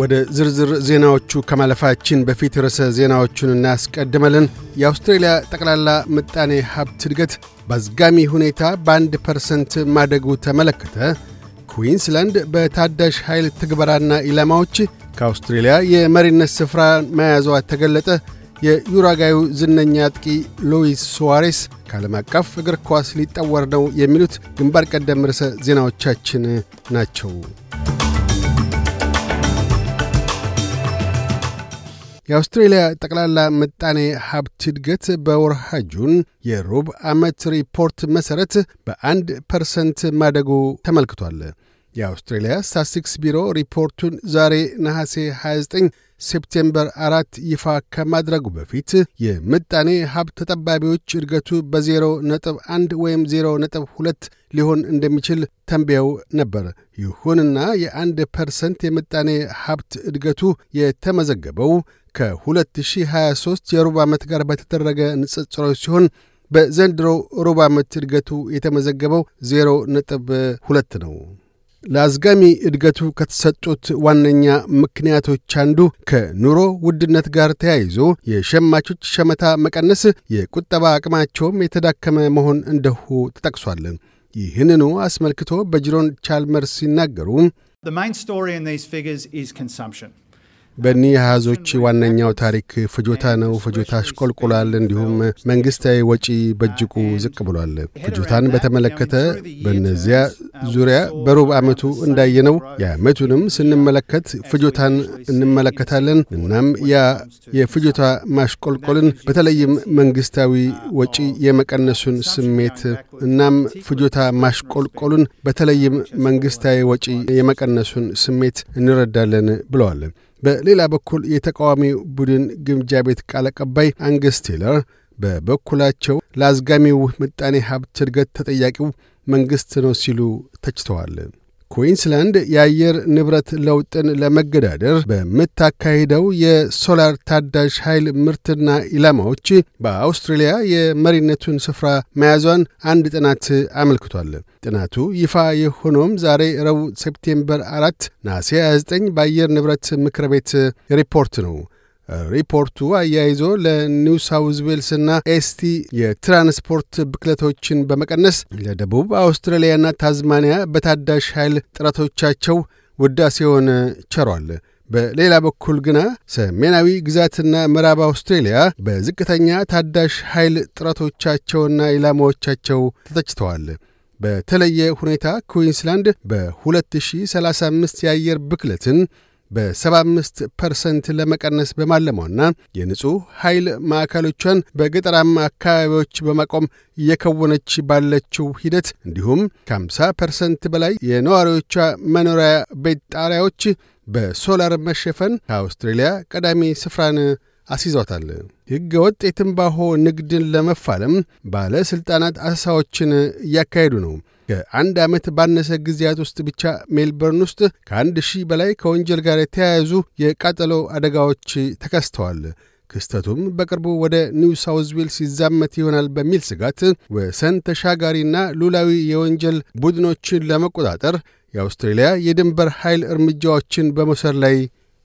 ወደ ዝርዝር ዜናዎቹ ከማለፋችን በፊት ርዕሰ ዜናዎቹን እናስቀድመልን። የአውስትሬልያ ጠቅላላ ምጣኔ ሀብት እድገት በአዝጋሚ ሁኔታ በአንድ ፐርሰንት ማደጉ ተመለከተ። ኩዊንስላንድ በታዳሽ ኃይል ትግበራና ኢላማዎች ከአውስትሬልያ የመሪነት ስፍራ መያዟ ተገለጠ። የዩራጋዩ ዝነኛ አጥቂ ሉዊስ ሱዋሬስ ከዓለም አቀፍ እግር ኳስ ሊጠወር ነው። የሚሉት ግንባር ቀደም ርዕሰ ዜናዎቻችን ናቸው። የአውስትሬልያ ጠቅላላ ምጣኔ ሀብት እድገት በወርሃ ጁን የሩብ ዓመት ሪፖርት መሠረት በአንድ ፐርሰንት ማደጉ ተመልክቷል። የአውስትሬልያ ሳሲክስ ቢሮ ሪፖርቱን ዛሬ ነሐሴ 29 ሴፕቴምበር 4 ይፋ ከማድረጉ በፊት የምጣኔ ሀብት ተጠባቢዎች እድገቱ በ0 ነጥብ 1 ወይም 0 ነጥብ 2 ሊሆን እንደሚችል ተንብየው ነበር። ይሁንና 1 ፐርሰንት የምጣኔ ሀብት እድገቱ የተመዘገበው ከ2023 የሩብ ዓመት ጋር በተደረገ ንጽጽሮች ሲሆን በዘንድሮ ሩብ ዓመት እድገቱ የተመዘገበው 0 ነጥብ 2 ነው። ለአዝጋሚ እድገቱ ከተሰጡት ዋነኛ ምክንያቶች አንዱ ከኑሮ ውድነት ጋር ተያይዞ የሸማቾች ሸመታ መቀነስ፣ የቁጠባ አቅማቸውም የተዳከመ መሆን እንደሁ ተጠቅሷል። ይህንኑ አስመልክቶ በጅሮን ቻልመርስ ሲናገሩ በእኒህ አሃዞች ዋነኛው ታሪክ ፍጆታ ነው። ፍጆታ አሽቆልቁሏል። እንዲሁም መንግስታዊ ወጪ በእጅጉ ዝቅ ብሏል። ፍጆታን በተመለከተ በእነዚያ ዙሪያ በሩብ ዓመቱ እንዳየነው የዓመቱንም ስንመለከት ፍጆታን እንመለከታለን። እናም ያ የፍጆታ ማሽቆልቆልን በተለይም መንግስታዊ ወጪ የመቀነሱን ስሜት እናም ፍጆታ ማሽቆልቆሉን በተለይም መንግስታዊ ወጪ የመቀነሱን ስሜት እንረዳለን ብለዋል። በሌላ በኩል የተቃዋሚ ቡድን ግምጃ ቤት ቃል አቀባይ አንግስ ቴለር በበኩላቸው ለአዝጋሚው ምጣኔ ሀብት እድገት ተጠያቂው መንግሥት ነው ሲሉ ተችተዋል። ኩዊንስላንድ የአየር ንብረት ለውጥን ለመገዳደር በምታካሂደው የሶላር ታዳሽ ኃይል ምርትና ኢላማዎች በአውስትሬልያ የመሪነቱን ስፍራ መያዟን አንድ ጥናት አመልክቷል። ጥናቱ ይፋ የሆነውም ዛሬ ረቡዕ ሴፕቴምበር 4 ናሴ 29 በአየር ንብረት ምክር ቤት ሪፖርት ነው። ሪፖርቱ አያይዞ ለኒው ሳውዝ ና ኤስቲ የትራንስፖርት ብክለቶችን በመቀነስ ለደቡብ ና ታዝማኒያ በታዳሽ ኃይል ጥረቶቻቸው ውዳሴውን ቸሯል። በሌላ በኩል ግና ሰሜናዊ ግዛትና ምዕራብ አውስትሬልያ በዝቅተኛ ታዳሽ ኃይል ጥረቶቻቸውና ኢላማዎቻቸው ተተችተዋል። በተለየ ሁኔታ ኩዊንስላንድ በ2035 የአየር ብክለትን በ75 ፐርሰንት ለመቀነስ በማለሟና የንጹሕ ኃይል ማዕከሎቿን በገጠራማ አካባቢዎች በማቆም እየከወነች ባለችው ሂደት እንዲሁም ከ50 ፐርሰንት በላይ የነዋሪዎቿ መኖሪያ ቤት ጣሪያዎች በሶላር መሸፈን ከአውስትሬልያ ቀዳሚ ስፍራን አስይዟታል። ሕገ ወጥ የትንባሆ ንግድን ለመፋለም ባለሥልጣናት አሰሳዎችን እያካሄዱ ነው። ከአንድ ዓመት ባነሰ ጊዜያት ውስጥ ብቻ ሜልበርን ውስጥ ከአንድ ሺህ በላይ ከወንጀል ጋር የተያያዙ የቃጠሎ አደጋዎች ተከስተዋል። ክስተቱም በቅርቡ ወደ ኒው ሳውዝ ዌልስ ይዛመት ይሆናል በሚል ስጋት ወሰን ተሻጋሪና ሉላዊ የወንጀል ቡድኖችን ለመቆጣጠር የአውስትሬልያ የድንበር ኃይል እርምጃዎችን በመውሰድ ላይ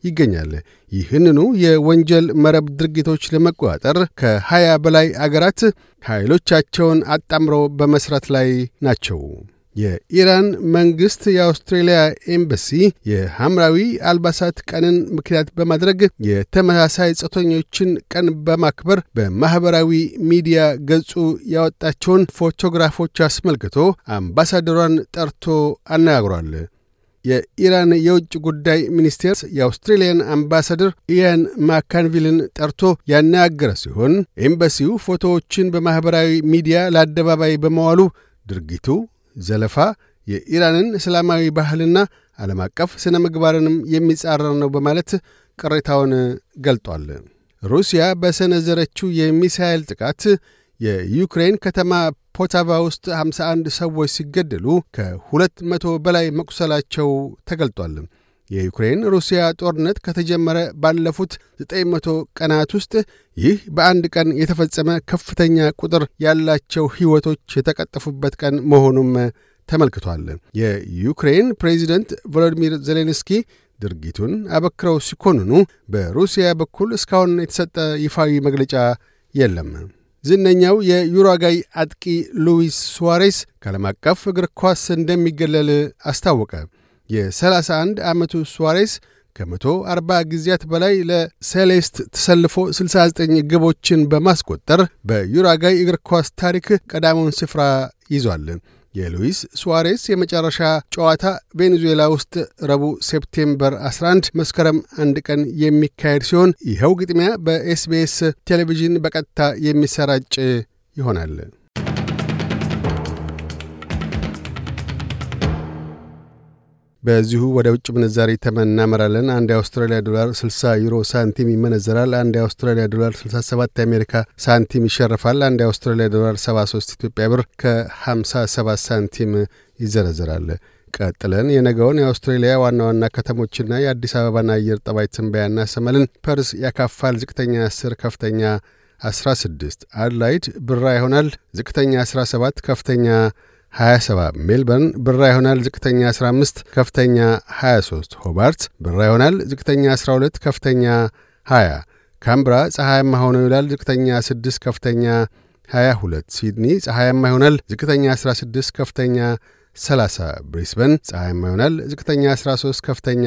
ይገኛል። ይህንኑ የወንጀል መረብ ድርጊቶች ለመቆጣጠር ከ20 በላይ አገራት ኃይሎቻቸውን አጣምረው በመሥራት ላይ ናቸው። የኢራን መንግሥት የአውስትሬልያ ኤምባሲ የሐምራዊ አልባሳት ቀንን ምክንያት በማድረግ የተመሳሳይ ጾተኞችን ቀን በማክበር በማኅበራዊ ሚዲያ ገጹ ያወጣቸውን ፎቶግራፎች አስመልክቶ አምባሳደሯን ጠርቶ አነጋግሯል። የኢራን የውጭ ጉዳይ ሚኒስቴር የአውስትሬልያን አምባሳደር ኢያን ማካንቪልን ጠርቶ ያነጋገረ ሲሆን ኤምባሲው ፎቶዎችን በማኅበራዊ ሚዲያ ለአደባባይ በመዋሉ ድርጊቱ ዘለፋ፣ የኢራንን እስላማዊ ባህልና ዓለም አቀፍ ሥነ ምግባርንም የሚጻረር ነው በማለት ቅሬታውን ገልጧል። ሩሲያ በሰነዘረችው የሚሳኤል ጥቃት የዩክሬን ከተማ ፖታቫ ውስጥ 51 ሰዎች ሲገደሉ ከ መቶ በላይ መቁሰላቸው ተገልጧል። የዩክሬን ሩሲያ ጦርነት ከተጀመረ ባለፉት 900 ቀናት ውስጥ ይህ በአንድ ቀን የተፈጸመ ከፍተኛ ቁጥር ያላቸው ሕይወቶች የተቀጠፉበት ቀን መሆኑም ተመልክቷል። የዩክሬን ፕሬዚደንት ቮሎዲሚር ዜሌንስኪ ድርጊቱን አበክረው ሲኮንኑ፣ በሩሲያ በኩል እስካሁን የተሰጠ ይፋዊ መግለጫ የለም። ዝነኛው የዩራጋይ አጥቂ ሉዊስ ሱዋሬስ ከዓለም አቀፍ እግር ኳስ እንደሚገለል አስታወቀ። የ31 ዓመቱ ሱዋሬስ ከ140 ጊዜያት በላይ ለሴሌስት ተሰልፎ 69 ግቦችን በማስቆጠር በዩራጋይ እግር ኳስ ታሪክ ቀዳሚውን ስፍራ ይዟል። የሉዊስ ሱዋሬስ የመጨረሻ ጨዋታ ቬኔዙዌላ ውስጥ ረቡዕ ሴፕቴምበር 11 መስከረም አንድ ቀን የሚካሄድ ሲሆን ይኸው ግጥሚያ በኤስቢኤስ ቴሌቪዥን በቀጥታ የሚሰራጭ ይሆናል። በዚሁ ወደ ውጭ ምንዛሪ ተመን እናመራለን። አንድ የአውስትራሊያ ዶላር 60 ዩሮ ሳንቲም ይመነዘራል። አንድ የአውስትራሊያ ዶላር 67 የአሜሪካ ሳንቲም ይሸርፋል። አንድ የአውስትራሊያ ዶላር 73 ኢትዮጵያ ብር ከ57 ሳንቲም ይዘረዝራል። ቀጥለን የነገውን የአውስትሬሊያ ዋና ዋና ከተሞችና የአዲስ አበባን አየር ጠባይ ትንበያና ሰመልን። ፐርስ ያካፋል። ዝቅተኛ 10፣ ከፍተኛ 16። አድላይድ ብራ ይሆናል። ዝቅተኛ 17፣ ከፍተኛ 27 ሜልበርን ብራ ይሆናል። ዝቅተኛ 15 ከፍተኛ 23 ሆባርት ብራ ይሆናል። ዝቅተኛ 12 ከፍተኛ 20 ካምብራ ፀሐያማ ሆኖ ይውላል። ዝቅተኛ 6 ከፍተኛ 22 ሲድኒ ፀሐያማ ይሆናል። ዝቅተኛ 16 ከፍተኛ 30 ብሪስበን ፀሐያማ ይሆናል። ዝቅተኛ 13 ከፍተኛ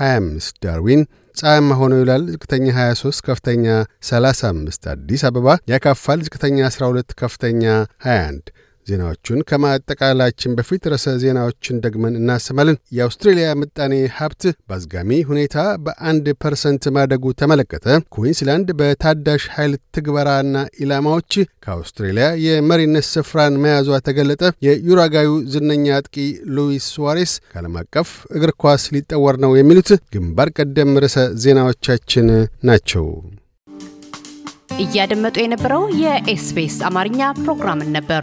25 ዳርዊን ፀሐያማ ሆኖ ይውላል። ዝቅተኛ 23 ከፍተኛ 35 አዲስ አበባ ያካፋል። ዝቅተኛ 12 ከፍተኛ 21 ዜናዎቹን ከማጠቃላችን በፊት ርዕሰ ዜናዎችን ደግመን እናሰማለን። የአውስትሬልያ ምጣኔ ሀብት በአዝጋሚ ሁኔታ በአንድ ፐርሰንት ማደጉ ተመለከተ። ኩዊንስላንድ በታዳሽ ኃይል ትግበራና ኢላማዎች ከአውስትሬልያ የመሪነት ስፍራን መያዟ ተገለጠ። የዩራጋዩ ዝነኛ አጥቂ ሉዊስ ሱዋሬስ ከዓለም አቀፍ እግር ኳስ ሊጠወር ነው የሚሉት ግንባር ቀደም ርዕሰ ዜናዎቻችን ናቸው። እያደመጡ የነበረው የኤስቢኤስ አማርኛ ፕሮግራምን ነበር።